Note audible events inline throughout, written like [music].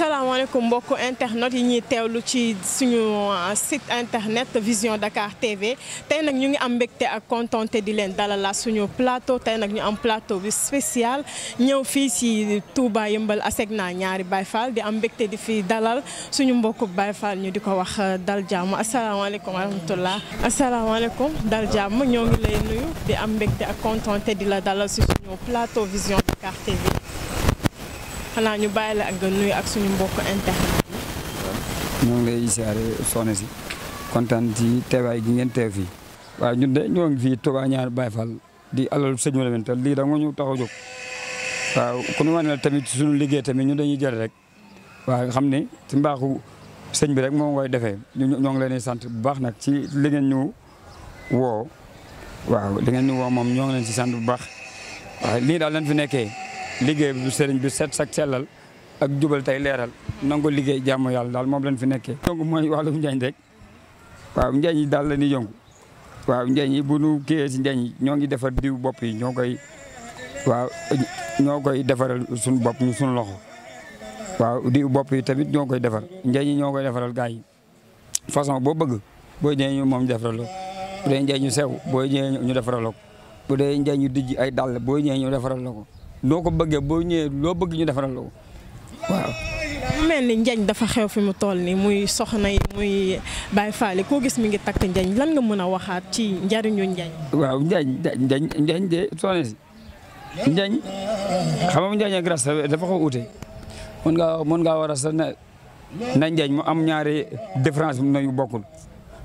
salaamaaleykum mbokk internet yi ñuy teewlu ci suñu euh, site internet Vision Dakar TV tey nag ñu ngi am mbégte ak contenté di leen dalala suñu plateau tey nag ñu am plateau bi spécial ñëw fii si Touba Yëmbal naa ñaari Baye Fall di am mbégte di fi dalal suñu mbokku Baye Fall ñu di ko wax euh, dal jàmm asalaamaaleykum wa rahmatullah asalaamaaleykum dal jàmm ñoo ngi lay nuyu di am mbégte ak contenté di la dalal si suñu plateau Vision Dakar TV. xanaa ñu bàyyi la ak nga nuyu ak suñu mbokk internet yi. ñoo ngi lay siyaare si kontaan ci teewaay gi ngeen teew fii waaw ñun de ñoo ngi fii Touba ñaar Baye Fall di alal sëñ ma leen te lii da ñu tax a jóg. waaw ku ñu wane la tamit suñu liggéey tamit ñun dañuy jël rek waaw xam ne ci mbaaxu sëñ bi rek moom koy defee ñoo ngi leen di sant bu baax nag ci li ngeen ñu woo waaw li ñu woo moom ñoo ngi leen ci sant bu baax waaw lii daal lañ fi nekkee. liggéey bu sëriñ bu set sak sellal ak jubal tey leeral nangu liggéey jàmm yàlla daal moom lañ fi nekkee. yëngu mooy wàllum njañ rek waaw njañ yi daal la ñuy yëngu waaw njañ yi bu nu kiiyee si njañ ñoo ngi defar diw bopp yi ñoo koy waaw ñoo koy defaral suñu bopp ñu suñu loxo waaw bopp yi tamit ñoo koy defar njañ yi ñoo koy defaral gars yi façon boo bëgg boo ñëwee ñu moom defaral ko bu dee njañ ñu sew boo ñëwee ñu defaral ko bu dee njañ ñu dijj ay dàll boo ñëwee ñu defaral ko. noo ko bëggee boo ñëwee loo bëgg ñu defaral la ko waaw. mel ni njañ dafa xew fi mu tool nii muy soxna yi muy Baye Fall koo gis mu ngi takk njañ lan nga mën a waxaat ci njariñu njañ. waaw njañ njañ njañ de soxna si njañ xam nga njañ ak dafa ko uute mën ngaa mën ngaa war a sax na njañ mu am ñaari différence mu nañu bokkul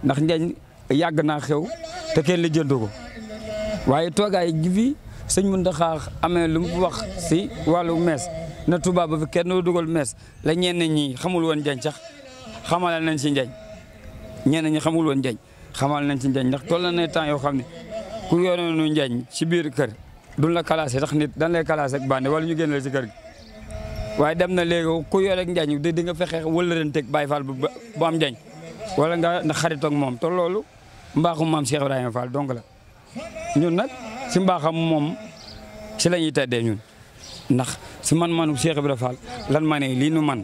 ndax njañ yàgg naa xew te kenn la ko waaye toogaay gi sëñ Mountakha amee lu mu wax si wàllu mees na Touba ba fi kenn du dugal mees la ñenn ñi xamul woon njañ sax xamal nañ si njañ ñenn ñi xamul woon njañ xamal nañ si njañ ndax toll na ne temps yoo xam ne ku yoroonu njañ si biir kër duñ la classé tax nit dañ lay classé ak bande wala ñu génn la si kër gi. waaye dem na léegi ku yore ak njañ di nga fexe wëlëranteeg Baye Fall bu bu am njañ wala nga na xarit ak moom te loolu mbaaxu maam Cheikh Ibrahima Fall donc la ñun nag si mbaaxam moom. si lañuy ñuy teddee ñun ndax si man manu Cheikh Ibrahima Fall lan ma lii nu man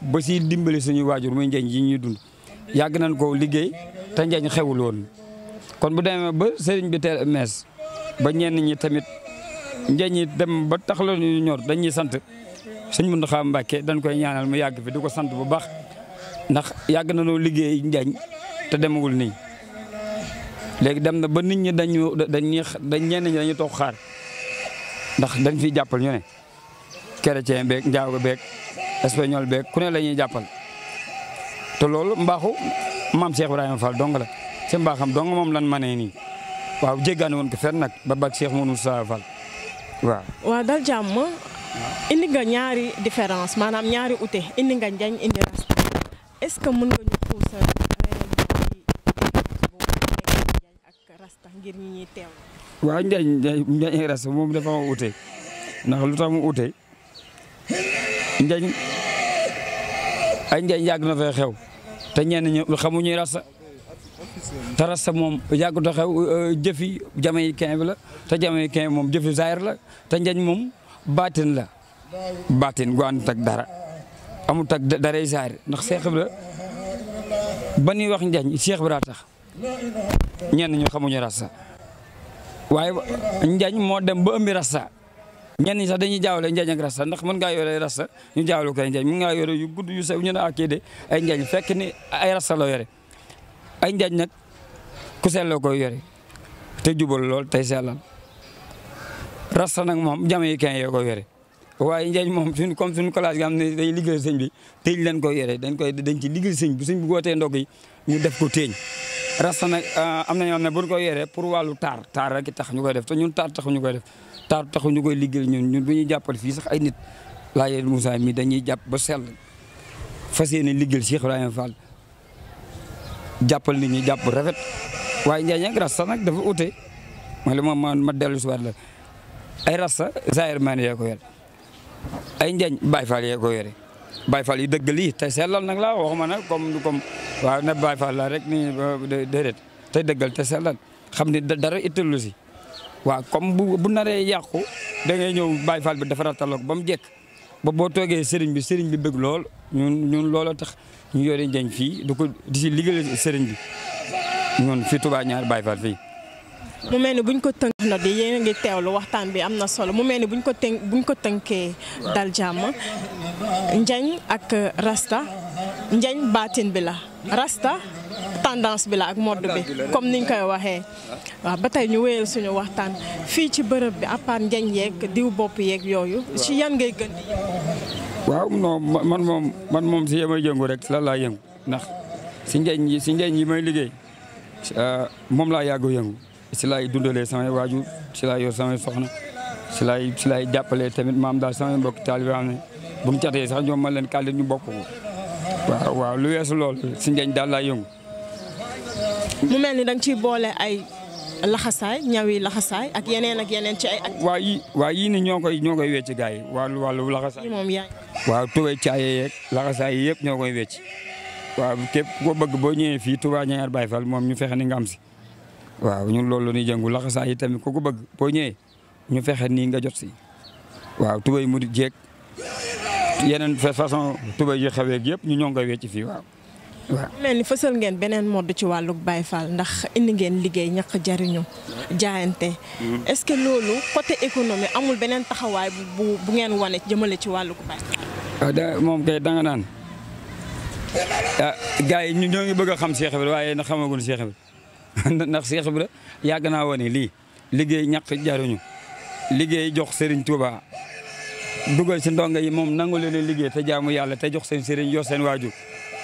ba si dimbali suñu waajur muy njeeñ yi ñuy dund yàgg nañ ko liggéey te njeeñ xewul woon kon bu demee ba sëriñ bi te mees ba ñenn ñi tamit njeeñ yi dem ba tax la ñu ñor dañuy sant sëñ Mountakha Mbacké dañ koy ñaanal mu yàgg fi di ko sant bu baax ndax yàgg nañoo liggéey njeeñ te demagul nii léegi dem na ba nit ñi dañu dañ dañ ñi dañu toog xaar ndax dañ fiy jàppal ñu ne chrétien beeg njaago beeg espagnol beeg ku ne la ñuy jàppal te loolu mbaaxu maam Cheikh Ibrahima Fall dong la ci mbaaxam dong moom lan manee nii waaw jéggaane woon ko fenn nag ba bag Cheikh Mounou Sa Fall waaw. waaw dal jàmm indi nga ñaari différence maanaam ñaari ute indi nga njañ indi rasta ce que mën nga ñu ngir ñi ñuy teew. waa njañ njañ res moom dafa ma ndax lu tax mu ute njañ ay njañ yàgg na fee xew te ñenn ñu xamuñu rasa te rasa moom yàgg na xew euh, jëfi jamaïcain bi la te jamaïcain moom jëfi zaahir la te njañ moom baatin la baatin gu ànd ak dara amut ak daray zaahir ndax Seex Ibra ba ñuy wax njañ Seex Ibra tax ñenn ñu xamuñu rasa waaye njañ moo dem ba ëmbi rasta ñenn ñi sax dañuy jaawale njañ ak rasta ndax mën ngaa yore rasta ñu jaawale ko ay njañ mën ngaa yore yu gudd yu sew ñu ne akii ah, de ay njañ fekk ni ay rasta la yore ay njañ nag ku seetloo koy yore te jubal lool tey sellal rasta nag moom jamaïcain yoo koy yore waaye njañ moom suñ comme suñu classe nga xam ne dañuy liggéey sëñ bi téeñ leen koy yore dañ koy dañ ci liggéey sëñ bu sëñ bu wootee ndog yi ñu def ko téeñ rasta nag ah, am na ñoo xam ne buñ koy yoree pour wàllu taar taar rek tax ñu koy def te ñun taar taxu ñu koy def taar taxu ñu koy liggéey ñun ñun bu ñuy jàppal fii sax ay nit laajee Moussa mi dañuy jàpp ba sell fas yéene liggéeyal Cheikh Ibrahima Fall jàppal nit ñi jàpp rafet waaye Ndiaye nag nag dafa ute mooy li ma ma ma dellu la ay rasta zaayir maan yee ko yore ay Ndiagne yore. Baye Fall yi dëgg lii te sellal nag laa waxuma nag comme comme waaw ne Baye Fall laa rek nii déedéet te dëggal ta sellal xam ne dara ittalu si waaw comme bu bu naree yàqu da ñëw Baye Fall bi defaraat taloog ba mu jekk ba boo toogee sëriñ bi sëriñ bi bëgg lool ñun ñun loola tax ñu yore njañ fii du ko di si liggéeyal sëriñ bi ñun fii Touba ñaar Baye Fall fii. mu mel ni buñ ko tënk na di yéen a ngi teewlu waxtaan bi am na solo mu mel ni buñ ko tënk buñ ko tënkee dal jàmm njañ ak rasta njañ baatin bi la rasta tendance bi la ak mode bi comme niñ koy waxee waaw ba tey ñu wéyal suñu waxtaan fii ci bërëb bi à part njañ yeeg diw bopp yeeg yooyu ci yan ngay gën di waaw non man moom man moom si yemay laa yëngu ndax si njañ yi si njañ yi may liggéey euh, moom laa yàggu yëngu si laay dundalee samay waajur si laay yor samay soxna si laay si laay jàppalee tamit maam daal samay mbokk taalibe xam bu mu catee sax ñoom man leen kàllit ñu bokk waaw waaw lu weesu lool si njañ daal laa yëngu. mu mel ni da ciy boole ay laxasaay ñawi laxasaay ak yeneen ak yeneen ci ay. waa yii waa yii ni ñoo koy ñoo koy wecc gars yi wàllu wàllu laxasaay. moom yaa waaw tubay caaye yeeg laxasaay yi yëpp ñoo koy wecc. waaw képp koo bëgg boo ñëwee fii Touba Niayar Baye moom ñu fexe ni nga am si. waaw ñun loolu la ñuy jëngu laxasaa yi tamit ko ko bëgg boo ñëwee ñu fexe nii nga jot si waaw tubay mu di jeeg yeneen façon tubay yu xeweeg yëpp ñu ñoo nga wecc fii waaw waaw mel ni fësal ngeen beneen modd ci wàllug Baye Fall ndax indi ngeen liggéey ñaq jariñu jaayante mm-hmm. est-ce que loolu côté économie amul beneen taxawaay bu bu ngeen wane jëmale ci wàllug Baye Fall ah, da moom kay danga naan ah yi ñu ñoo ngi bëgg a xam Cheikh Ibrahima waaye na xamaguñ Cheikh Ibrahima [laughs] ndax Cheikh Ibra yàgg naa wane lii liggéey ñàkk jaruñu liggéey jox Serigne Touba dugal si ndongo yi moom nangu leen liggéey te jaamu yàlla te jox seen Serigne jox seen waajur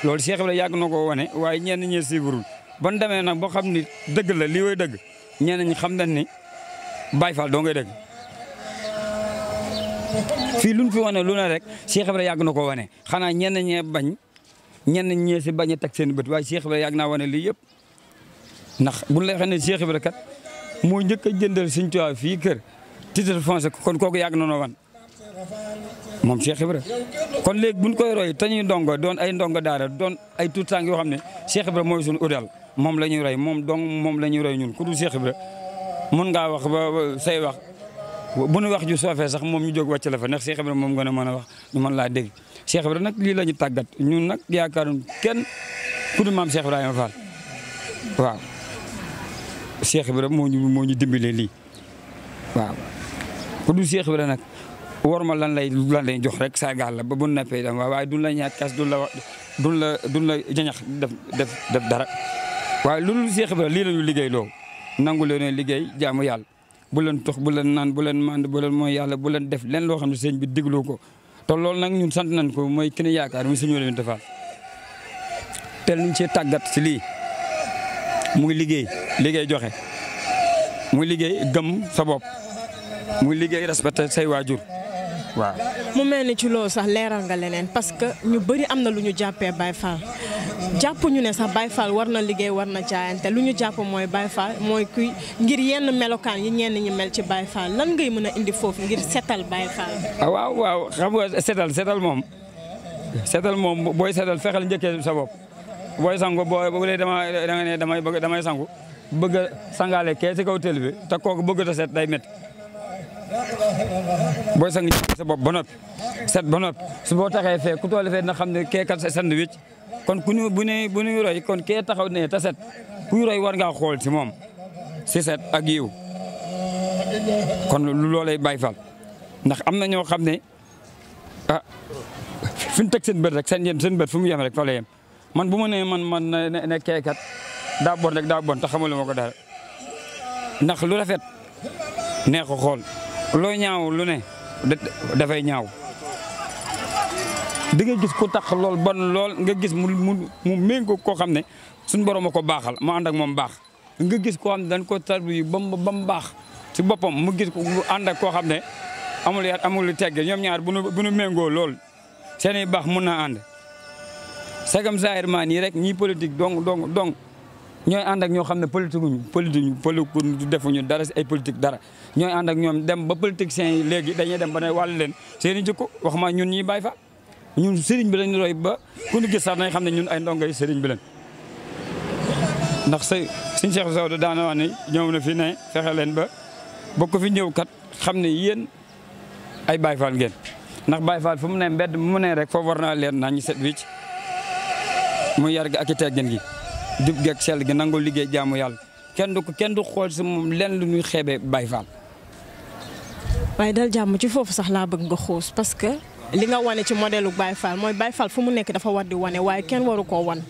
loolu Cheikh Ibra yàgg na ko wane waaye ñenn ñee siiburul ban demee nag boo xam ni dëgg la lii dëgg ñenn ñi xam nañ ni Baye Fall doo fii luñ fi wane lu ne rek Cheikh Ibra yàgg na ko wane xanaa ñenn ñee bañ ñenn si bañ a teg seen bët waaye Cheikh Ibra yàgg naa wane lii yëpp ndax bu ñu lay xam ne Cheikh Ibra kat moo njëkk a jëndal Sëñ Tuubaa fii kër titre foncier kon kooku yàgg na noo wan moom Cheikh Ibra kon léegi buñ koy roy te ñuy ndongo doon ay dongo daara doon ay tuut tànk yoo xam ne Cheikh Ibra mooy suñu udal moom la ñuy roy moom dong moom la ñuy roy ñun ku dul Cheikh Ibra mun ngaa wax ba say wax bu nu wax ju soofee sax moom ñu jóg wàcc la fa ndax Cheikh Ibra moom gën a mën a wax ñu mën laa dégg Cheikh Ibra nag lii la ñu tàggat ñun nag yaakaaroon kenn ku dul maam Cheikh Cheikh Ibra moo ñu moo ñu dimbalee lii waaw ku du Cheikh Ibra nag war ma lan lay lan lay jox rek saa la ba bu nappee dam waaw waaye du la ñaat kaas duñ la wax duñ la duñ la jañax def def def dara waaye lu dul Cheikh lii la ñu liggéey loo nangu leen liggéey jaamu yàlla bu leen tox bu leen naan bu leen mand bu leen mooy yàlla bu leen def leen loo xam ne sëñ bi digloo ko te loolu nag ñun sant nañ ko mooy ki ne yaakaar mu suñu leen defal teel ñu cee tàggat si lii muy liggéey liggéey joxe muy liggéey gëm sa bopp muy liggéey respecté say waajur waaw. mu mel ni ci loolu sax leeral nga leneen parce que ñu bëri am na lu ñu jàppee Baye Fall jàpp ñu ne sax Baye Fall war na liggéey war na jaayante lu ñu jàpp mooy Baye Fall mooy kuy ngir yenn melokaan yi ñenn ñi mel ci Baye Fall lan ngay mën a indi foofu ngir setal Baye Fall. Ah, waaw waaw xam nga setal setal moom setal moom booy setal fexeel njëkkee sa bopp. booy sangu boo bu dee dama da damay bëgg damay sangu bëgg a sangaale kee si kaw télé bi te kooku bëgg a set day métti booy sang sa bopp ba noppi set ba noppi su boo taxee fee ku toll fee na xam ne kee kat sandwich kon ku ñu bu ne bu ñu roy kon kee taxaw ne te set kuy roy war xool si moom si set ak yiw kon lu loolay Baay Faal ndax am na ñoo xam ne ah fi ñu teg seen bët rek seen yem seen bët fu mu yem rek fa yem man bu ma nee man man ne keekat daa bon rek daa bon te xamaluma ko dara ndax lu rafet nee ko xool ñaaw lu ne dafay ñaaw di nga gis ku tax lool bon lool nga gis mu mu mu méngoo koo xam ne suñu borom a ko baaxal mu ànd ak moom baax nga gis ko xam ne dañ ko tarbi ba mu ba mu baax si boppam mu gis ko ànd ak koo xam ne amul yar amul tegge ñoom ñaar bu nu bu méngoo lool seen baax mun na ànd. sagam zaahir maa rek ñii politique donc donc donc ñooy ànd ak ñoo xam ne politique ñu politique politique defuñu dara si ay politique dara ñooy ànd ak ñoom dem ba politiciens yi léegi dañuy dem ba ne wàll leen seen i jikko wax ma ñun ñii baay fa ñun sëriñ bi lañ roy ba ku sax dañ xam ne ñun ay ndongo yi bi lañ ndax say suñ Cheikh Sow daana wax ne ñëw na fi ne fexe leen ba bokk fi ñëw kat xam ne yéen ay Baye Fall ngeen ndax Baye faal fu mu ne mbedd mu ne rek foofu war naa leen naa ñu set wicc mu yar gi ak i teggin gi jub geeg sell gi nangoo liggéey jàmm yàlla kenn du ko kenn du xool si moom lenn du ñuy xeebee Baay Faal. waaye dal jàmm ci foofu sax laa bëgg nga xuus parce que li nga wane ci modèle Baay Faal mooy Baay Faal fu mu nekk dafa war di wane waaye kenn waru koo wan.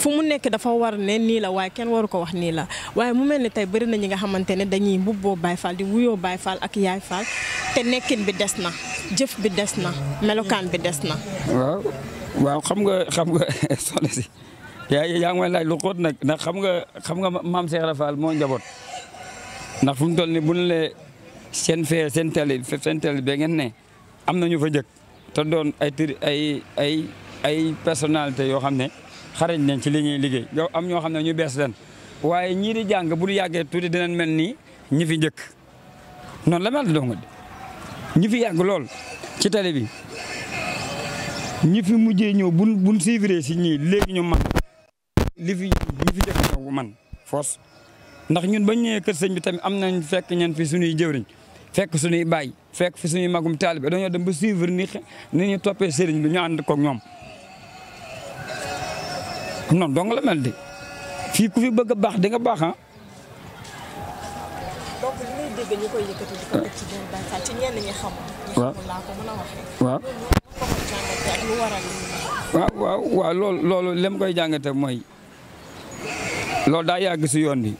fu mu nekk dafa war ne nii la waaye kenn waru ko wax nii la waaye mu mel ni tey bëri na ñi nga xamante ne dañuy mbubboo Baay Faal di wuyoo Baay Faal ak Yaay Faal te nekkin bi des na jëf bi des na melokaan bi des na. waaw xam nga xam nga [laughs] soxna si yaa nag ndax xam nga xam nga maam Cheikh Rafal moo njaboot ndax fu mu toll nii bu ñu lee seen fee seen tali be ngeen ne am na ñu fa njëkk te doon ay ay ay ay personnalité yoo xam ne xarañ nañ ci li ñuy liggéey yow am ñoo xam ne ñu bees leen waaye ñii di jàng bu ñu yàggee tuuti dinañ mel nii ñu fi njëkk noonu la mel noonu ñi fi yàgg lool ci tali bi. ñi fi mujjee ñëw buñ buñ suivre si ñii léegi ñoo man li fi man foos ndax ñun bañ ñëwee kër sëñ bi tamit am nañ fekk ñeen fi suñuy jëwriñ fekk suñuy baay fekk fi suñuy magum taalibe dañoo dem ba suivre ni ni ñu toppee sëriñ bi ñu ànd koog ñoom noonu dong la mel ku fi bëgg a baax di nga baax ah waaw waaw loolu loolu lem koy jàngate mooy loolu daa yàgg si yoon bi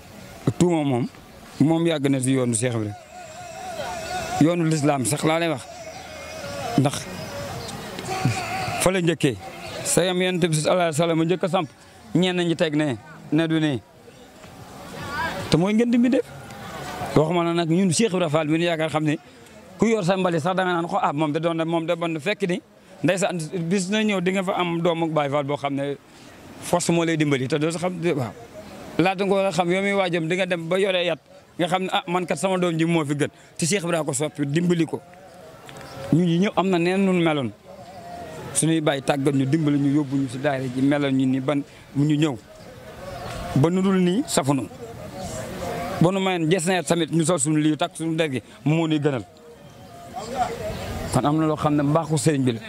tuuma moom moom yàgg na si yoon yoonu Cheikh Ibrahima yoonu lislaam sax laa lay wax ndax fa la njëkkee sayam yonent bi sallallahu alayhi wa sallam a njëkk a samp ñeen ñi teg ne ne du ne te mooy ngeen di mi def waxuma na nag ñun Cheikh Ibrahima Fall mi nu yaakaar xam ne ku yor sa mbali sax da nga naan ko ah moom da doon moom da bon fekk ni ndeysaan bis na ñëw di nga fa am doomu Baay Faal boo xam ne force moo lay dimbali te doo sa xam waaw laata nga xam yow miy waajam di nga dem ba yore yat nga xam ne ah man kat sama doom ji moo fi gën ti Cheikh Ibrahima ko soppi dimbali ko ñun ñi ñëpp am na neen nun meloon suñuy baay tàggat ñu dimbali ñu yóbbu ñu si daara ji meloon ñu ban ñu ñëw ba nu dul nii safunu ba nu mayoon jees na tamit ñu sol suñu lii takk suñu der gi moo nuy gënal kon am na loo xam ne mbaaxu bi la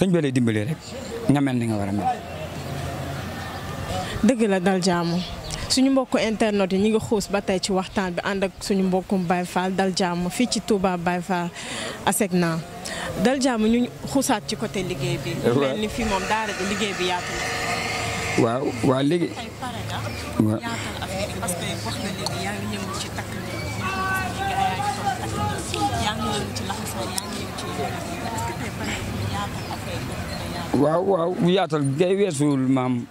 sëñ bi lay dimbali rek nga mel ni nga war a mel. dëgg la dal jaamu suñu mbokku internet yi ñu ngi xuus ba tey ci waxtaan bi ànd ak suñu mbokkum Baye dal jaamu fii ci Touba Baye Fall ASECNA dal jaamu xuusaat ci côté liggéey bi. waaw mel waaw waaw yaatal gay weesuwul maam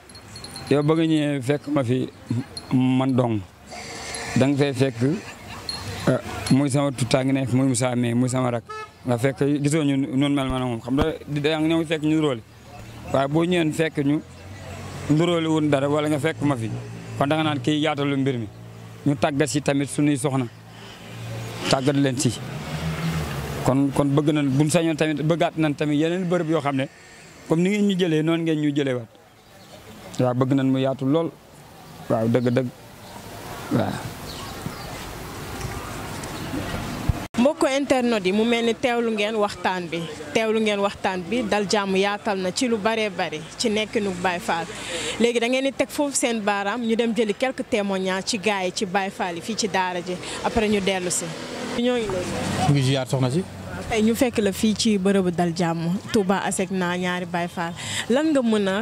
yow ba nga fekk ma fi man dong da nga fekk ah, muy sama tuttaangi nekk muy Moussa Mey muy sama rak nga fekk gisoo ñu noonu mel ma ne moom xam nga yaa ngi ñëw fekk ñu nduróole waaye boo ñëwee fekk ñu nduróole wun dara wala nga fekk ma fi kon danga naan kii yaatalu mbir mi ñu tàggat si tamit suñuy soxna tàggat leen si kon kon bëgg nañ buñ sañoon tamit bëggaat nañ tamit yeneen bërëb yoo xam ne comme ni ngeen ñu jëlee noonu ngeen ñu jëlee waat waaw bëgg nañ mu yaatu lool waaw dëgg-dëgg mbokk internet yi mu mel ni teewlu ngeen waxtaan bi teewlu ngeen waxtaan bi dal jàmm yaatal na ci lu baree bari ci nekkinu bay Fall léegi da ngeen di teg foofu seen baaraam ñu dem jëli quelques témoignages ci gars yi ci Baye Fall yi fii ci daara ji après ñu dellu tey ñu fekk la fii ci bërëbu dal jàmm Touba naa ñaari baay Fall lan nga mën a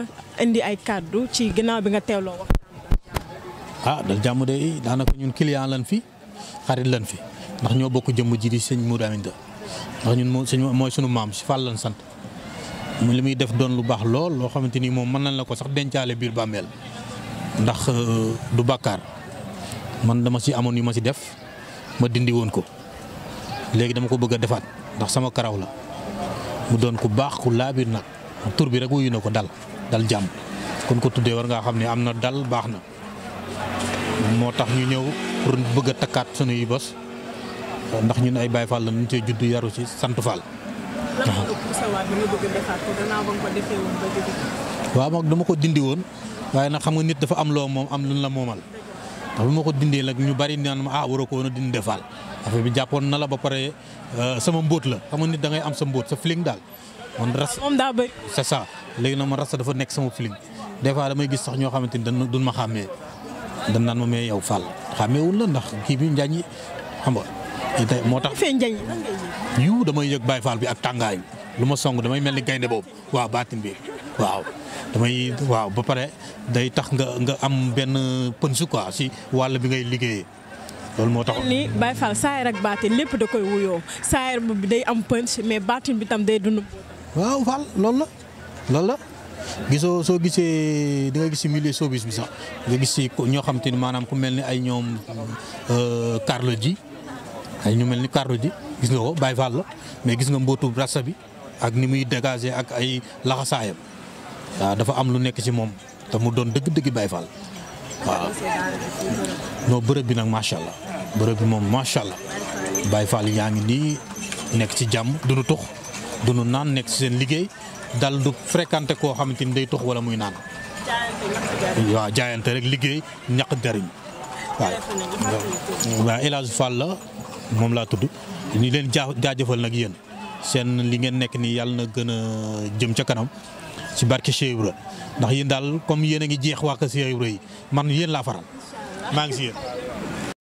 indi ay kàddu ci ginnaaw bi nga teewloo wax. ah dal jàmm de daanaka ñun client lan fi xarit lan fi ndax ñoo bokk jëmm ji di sëñ Mourou Aminta ndax ñun mooy sunu maam si Fall lan sant li muy def doon lu baax lool loo xamante ni moom mën nañ la ko sax dencaale biir bàmmeel ndax euh, du bàkkaar man dama si amoon yi ma si def ma dindi woon ko léegi dama ko bëgg a defaat. ndax sama karaw la mu doon ku baax ku laabir nag tur bi rek wuyu na ko dal dal jàmm kon ko tuddee war ngaa xam ne am na dal baax na moo tax ñu ñëw pour bëgg a takkaat sunuy bos ndax ñun ay Baay Faal la ñu cee juddu yaru ci sant Faal. waaw moom dama ko dindi woon waaye nag xam nga nit dafa am loo moom am luñ la moomal ndax bu ma ko dindee nag ñu bari naan ma ah waroo ko woon a dindi Faal affaire bi jàppoon na la ba pare euh, sama mbóot la xam nga nit da am sa mbóot sa feeling daal. man ras moom daa bëri. léegi nag man rasta dafa nekk sama feeling des fois damay gis sax ñoo xamante ni dañu duñ ma xàmmee dañ naan ma mais yow Fall xàmmeewul la ndax kii bi njaañ xam nga tey moo tax. fee damay yëg Baye Fall bi ak tàngaay lu ma song damay mel ni gaynde boobu waaw baatin bi waaw. damay waaw ba pare day tax nga nga am benn pënsu quoi si wàll bi ngay liggéeyee. loolu moo tax ni Baye Fall saayir ak baatin lépp da koy wuyoo saayir bi day am punch mais baatin bi tam day dund. waaw Fall loolu la loolu la gisoo soo gisee da nga gis si milieu showbiz bi sax nga gis si ñoo xam te ni maanaam ku mel ni ay ñoom euh, Carlo ji ay ñu mel ni Carlo ji gis nga ko Baye Fall la mais gis nga mbootu rasta bi ak ni muy dégager ak ay laxasaayam waaw dafa am lu nekk si moom te mu doon dëgg-dëgg Baye Fall. waaw non bërëb bi nag macha allah bërëb bi moom macha allah baay Fall yaa ngi nii nekk ci jàmm duñu tux duñu naan nekk ci seen liggéey dal du fréquenté koo xamante ni day tux wala muy naan. waaw jaayante rek liggéey ñaq jariñ waaw waaw El Hadj Fall la moom laa tudd ñu leen jaajëfal nag yéen seen li ngeen nekk nii yàlla na gën a jëm ca kanam. ci barke Cheikh Ibra ndax yéen daal comme yéen ngi jeex waa kër Cheikh Ibra yi man yéen laa faral maa ngi si yéen.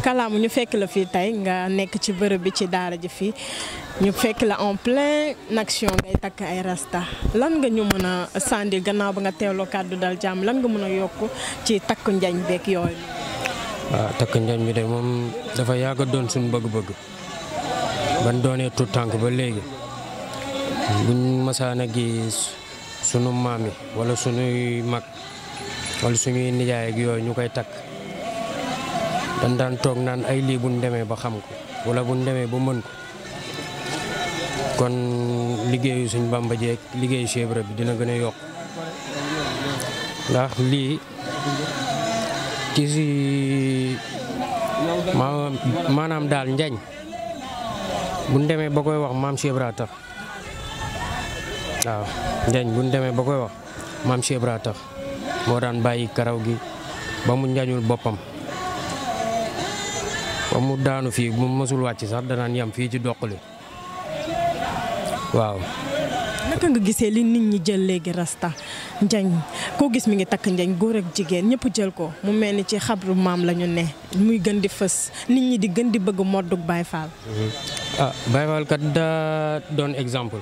kalaamu ñu fekk la fii tey nga nekk ci bërëb bi ci daara ji fi ñu fekk la en pleine action ngay takk ay rasta lan nga ñu mën a sànni gannaaw ba nga teewloo kàddu dal jàmm lan nga mën a yokk ci takk njañ beeg yooyu. waaw takk njañ bi de moom dafa yàgg doon suñu bëgg-bëgg ban doonee tout tànk ba léegi buñ masaana gis. sunu maam yi wala sunuy mag wala suñuy nijaay ak yooyu ñu koy takk dañ daan toog naan ay lii buñ demee ba xam ko wala buñ demee ba mën ko kon liggéeyu suñ Bàmba jeeg liggéeyu Cheikh bi dina gën a yokk ndax lii ci si maanaam daal njañ buñ demee ba koy wax maam Cheikh waaw njañ bu ñu demee ba koy wax maam Cheikh Ibra tax moo daan bàyyi karaw gi ba mu njañul boppam ba mu daanu fii mu mësul wàcc sax danaan yam fii ci doq li waaw. naka nga gisee li nit ñi jël léegi rasta njañ koo gis mi ngi takk njañ góor ak jigéen ñëpp jël ko mu mel ni ci xabru maam lañu ne muy gën di fës nit ñi di gën di bëgg moddug Baye Fall. Mm-hmm. ah Baye Fall kat daa doon exemple.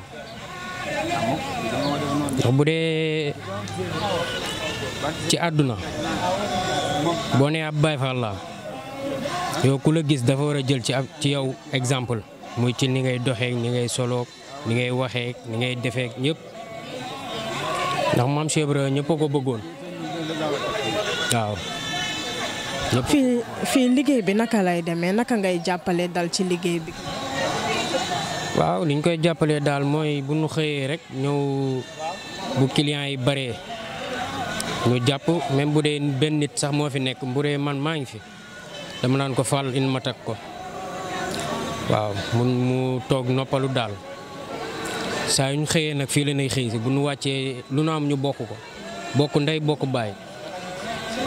ndax bu dee ci àdduna boo nee ab Baay Faal laa yow ku la gis dafa war a jël ci ab ci yow exemple muy ci ni ngay doxeek ni ngay solook ni ngay waxeek ni ngay defeek ñëpp ndax maam Cheikh Ibra ñëpp a bëggoon waaw. liggéey bi naka lay demee naka ngay jàppale daal ci liggéey bi. waaw li ñu koy jàppale daal mooy bu ñu xëyee rek ñëw bu client yi bëree ñu jàpp même bu dee benn nit sax moo fi nekk bu dee man maa ngi fi dama naan ko fal in ma ko waaw mun mu toog noppalu daal saa yu ñu xëyee nag fii la ñuy xëy si bu nu wàccee lu nu am ñu bokk ko bokk ndey bokk baay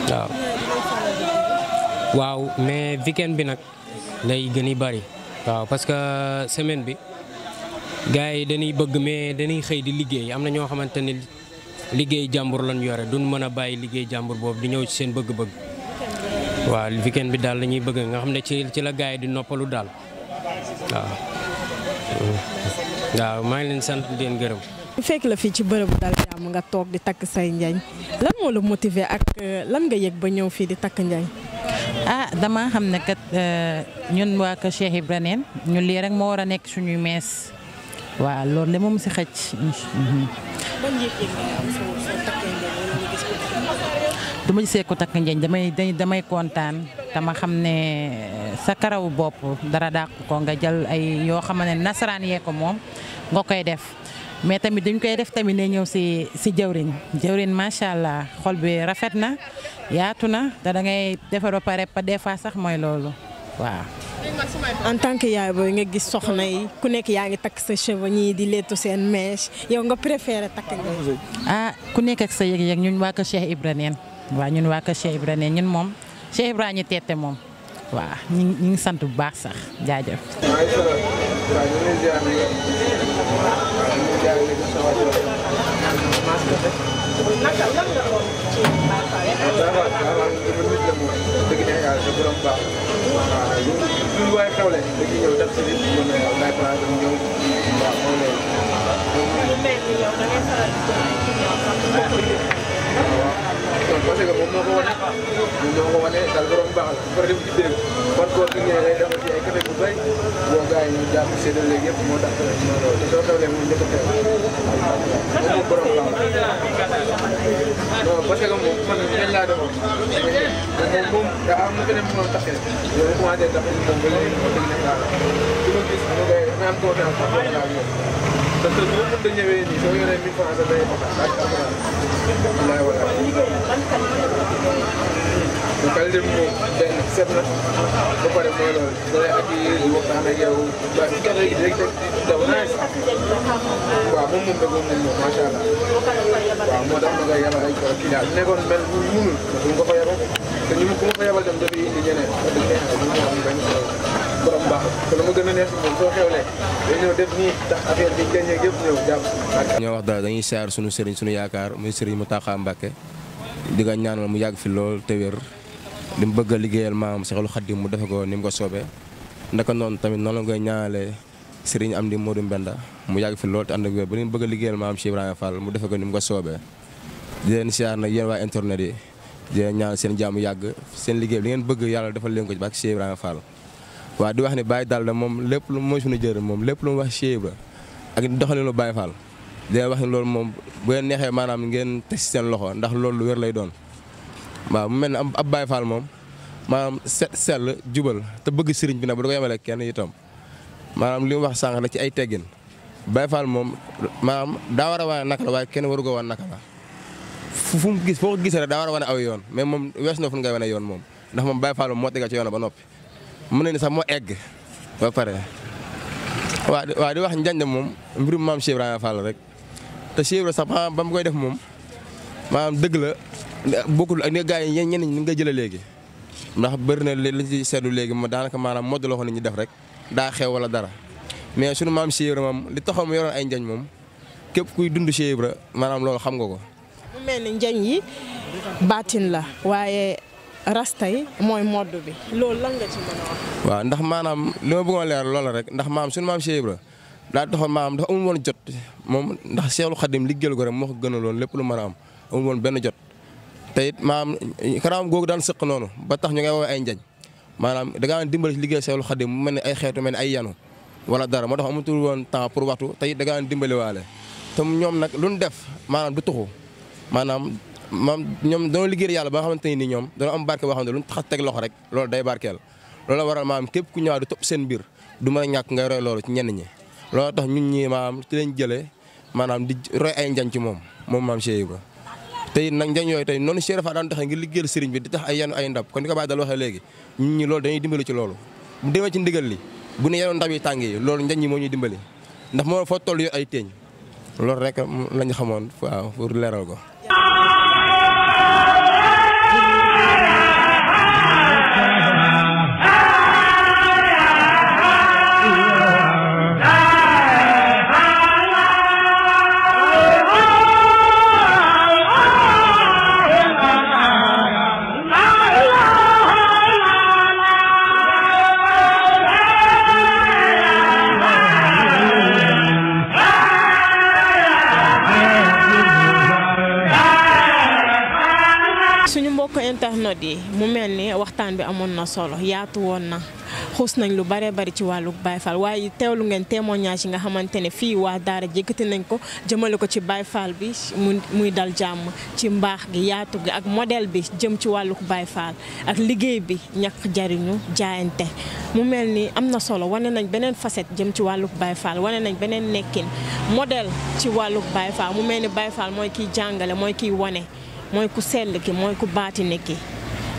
waaw. waaw mais weekend bi nag lay gën a bari. waaw parce que semaine bi. gars yi dañuy bëgg mais dañuy xëy di liggéey am na ñoo xamante ne liggéey jàmbur lañ yore duñ mën a bàyyi liggéey jàmbur boobu di ñëw ci seen bëgg-bëgg. waaw weekend bi daal lañuy bëgg nga xam ne ci ci la gaa yi di noppalu daal waaw. Mm. waaw maa ngi leen sant di leen gërëm. fekk la fii ci bërëbu dal jàmm nga toog di takk say njañ lan moo la motiver ak euh, lan nga yëg ba ñëw fii di takk njañ. ah dama xam ne kat euh, ñun waa kër Cheikh Ibrahima ñun lii rek moo war a nekk suñuy mees. waaw loolu de moom si xëcc. Mhm. ma gisee ko takk njeeñ damay damay kontaan dama xam ne eh, sa karawu bopp dara dàq ko nga jël ay yoo xam ne nasaraan yee ko moom nga koy def mais tamit dañ koy def tamit ne ñëw si si jëwriñ jëwriñ macha allah xol bi rafet na yaatu na te da ngay defar ba pare pa des fois sax mooy loolu. waaw. en tant que yaay booy nga gis soxna yi ku nekk yaa ngi takk sa cheveux ñii di leetu seen mèche yow nga préféré takk nga. ah ku nekk sa yëg-yëg ñun waa ko Cheikh Ibra neen waaw ñun waa ko Cheikh Ibra moom Cheikh Ibra teete moom waaw ñu ngi ñu ngi sant bu baax sax jaajëf. borom baax waaw yow ñun waaye xewle dañu ñëw def si nit ñun Baye Fra dañu ñëw waaw moom lay. waaw parce que moom moo ko wane moom moo ko wane daal borom baax la par exemple ci dégg ban koo fi ñëwee lay defal ci ay côté bu bëri boo gars yi ñu jàpp séddale léegi yëpp moo tax ñoo loolu soo xewlee moom njëkk a teew moom borom baax la non parce que moom man dañ laa defoon moom moom daa am moom taxee loolu commencé taxee moom ba léegi wax dëgg yàlla su ma gis mu ngay dama am confiance ak loolu daal ñoom parce que boo mënta ñëwee nii soo yoree 1000 francs day bokk ak alxuraan wallaay wallaay bu qualité bi moom benn set na ba pare mooy loolu da lay accueillir di waxtaan ak yow ba ci kenn gi rek daw nice waaw moom moom dëggoon nañ moom macha allah waaw moo tax ma koy yabal ay kii daal nekkoon mel bu munul da nga ko fa yabal te ñu ñoo wax dara dañuy saar sunu sëriñ suñu yaakaar muy sëriñ mu Mbacké di nga ñaanal mu yàgg fi lool te wér li mu bëgg a liggéeyal maam Seexul Xadiim mu defe ko ni mu ko soobee naka noonu tamit noonu la ngay ñaanalee sëriñ moo Modou Mbenda mu yàgg fi lool te ànd ak wér ba li mu bëgg a liggéeyal maam Cheikh Ibrahima Fall mu defe ko ni mu ko soobee di leen siyaar nag yéen waa internet yi di ñaan seen jàmm yàgg seen liggéey li ngeen bëgg yàlla defal leen ko ci bàkk Cheikh Ibrahima Fall waaw di wax ne Baye Dalla moom lépp lu mooy suñu jër moom lépp lu mu wax Cheikh Ibra ak doxalinu Baye Fall di wax ne loolu moom bu leen neexee maanaam ngeen teg seen loxo ndax loolu lu wér lay doon waaw mu mel ne ab Baye moom maanaam set sell jubal te bëgg sëriñ bi nag bu da ko yemale kenn itam maanaam li wax sànq la ci ay teggin Baye Fall moom maanaam daa war a waa naka la kenn waru ko waa naka fu mu gis foo ko gisee rek daa war a wane aw yoon mais moom wees na fu ngay wane yoon moom ndax moom Baye Fall moo tega ci yoon ba noppi mën na sax moo egg ba pare waa waaw di wax njanj moom mbirum maam Cheikh Ibrahima rek te Cheikh Ibrahima sax ba mu koy def moom maanaam dëgg la bokkul ak ni gars yi ñenn ñi nga jëlee léegi ndax bëri na li ci seetlu léegi ma daanaka maanaam modd la ko nit def rek daa xew wala dara mais sunu maam Cheikh moom li taxaw mu yoroon ay njañ moom képp kuy dund Cheikh Ibrahima maanaam loolu xam nga ko mu mel ni yi baatin la waaye rasta yi mooy modd bi loolu lan nga ci mën a waaw ndax maanaam li ma bëggoon leer loola rek ndax maam suñu maam Cheikh Ibra daa taxoon maam dafa amul woon jot moom ndax Seexul Xadim liggéeyal ko rek moo ko gënaloon lépp lu mën a am benn jot te it maam kanam googu sëq noonu ba tax ñu ngay woowee ay njañ maanaam da liggéey Seexul Xadim mu mel ne ay xeetu mel ne ay yanu wala dara moo tax amatul woon temps pour waxtu te it dimbali waale te ñoom nag lu ñu def maanaam du tuxu maanaam maam ñoom dañoo liggéey yàlla ba nga xamante ni ñoom dañoo am barke boo xam ne lu ñu tax teg loxo rek loolu day barkeel loolu waral maam képp ku ñëwaat di topp seen biir du mën a ñàkk ngay roy loolu ci ñenn ñi loolu tax ñun ñi maam ci lañ jëlee maanaam di roy ay njañ ci moom moom maam Cheikh Ibra tey nag njañ yooyu tey noonu Cheikh Ibra Fall daan taxee ngir liggéeyal sëriñ bi di tax ay yenn ay ndab kon ni ko bàyyi dal waxee léegi ñun ñi loolu dañuy dimbali ci loolu bu demee ci ndigal li bu ne yenoon ndab yi tàng yi loolu njañ yi moo ñuy dimbali ndax moo foo toll yor ay téeñ loolu rek lañ xamoon waaw pour leeral ko internet mu mel ni waxtaan bi amoon na solo yaatu woon na xuus nañ lu bare bari ci wàllu Baye Fall waaye teewlu ngeen témoignage yi nga xamante ne fii waa Daara jékkati nañ ko jëmale ko ci Baye Fall bi muy dal jàmm ci mbaax gi yaatu gi ak modèle bi jëm ci wàllu Baye Fall ak liggéey bi ñàkk jariñu jaayante mu mel ni am na solo wane nañ beneen facette jëm ci wàllu Baye Fall wane nañ beneen nekkin model ci wàllu Baye Fall mu mel ni Baye Fall mooy kiy jàngale mooy kiy wane mooy ku sell ki mooy ku baatine ki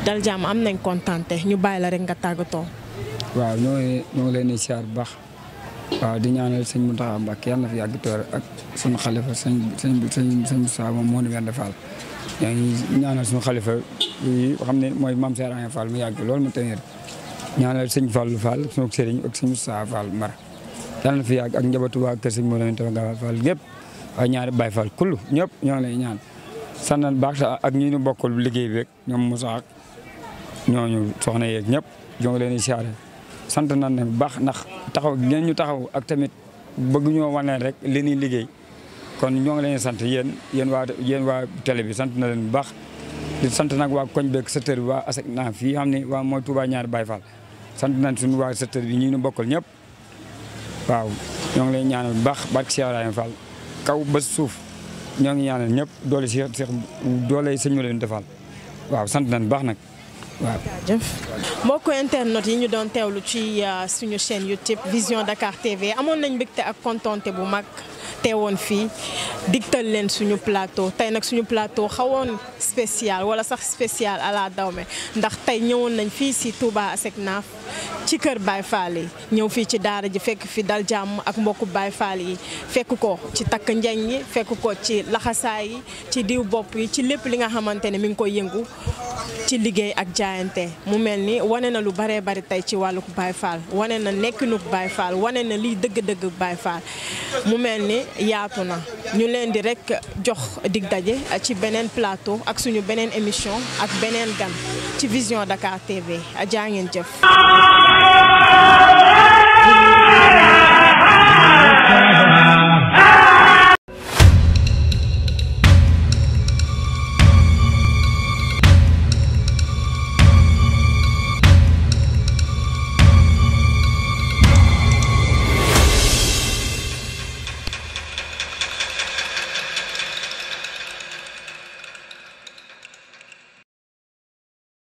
dal jàmm am nañ kontante ñu bàyyi la rek nga tàggatoo. waaw ñoo ngi ñoo ngi leen di siyaar bu baax waaw di ñaanal sëñ Mountakha Mbacké yàlla na fi yàgg toor ak sunu xalifa sëñ sëñ sëñ sëñ Moussa moom moo ñu wér Fall. yaa ngi xalifa yi xam ne mooy maam Serigne Fall mu yàgg loolu mu tënir ñaanal sëñ Fallou Fall sunu sëriñ ak sëñ Moussa Fall mara yàlla fi yàgg ak njabootu waa kër sëñ Mawalane Tafa Fall ñëpp ñaari Baye Fall kullu ñëpp ñoo lay ñaan sant liggéey bi rek ñoom Moussa ñooñu soxna yeeg ñëpp ñoo ngi leen di siyaare sant nañ ne bu baax ndax taxaw ngeen ñu taxaw ak tamit bëgg ñoo wane rek li ñuy liggéey kon ñoo ngi leen di sant yéen yéen waa yéen waa télé bi sant na leen bu baax di sant nag waa koñ beeg secteur bi waa asek na fii xam ne waa mooy Touba ñaari Baye Fall sant nañ suñu waa secteur bi ñu ñu bokkal ñëpp waaw ñoo ngi leen ñaanal bu baax barke Cheikh Ibrahima Fall kaw ba suuf ñoo ngi ñaanal ñëpp doole Cheikh Cheikh doole sëñ leen defal waaw sant nañ bu baax nag waaw jërëjëf internet yi ñu doon teewlu ci euh, suñu chaîne YouTube Vision Dakar TV amoon nañ mbégte ak contenté bu mag teewoon fii digtal leen suñu plateau tey nag suñu plateau xawoon spécial wala sax spécial à la Dawmé ndax tey ñëwoon nañ fii si Touba Asecnaf ci kër Baye Fall yi ñëw fii ci daara ji fekk fi dal jàmm ak mbokku bay Fall yi fekk ko ci takk njañ yi fekk ko ci laxasaay yi ci diw bopp yi ci lépp li nga xamante ne mi ngi koy yëngu ci liggéey ak jaayante mu mel ni wane na lu baree bari tey ci wàlluk Baye Fall wane na nekkinuk Baye Fall wane na liy dëgg-dëgg Baye yaatu na ñu leen di rekk jox dig daje ci beneen plateau ak suñu beneen émission ak beneen gan ci Vision Dakar TV jaa jëf.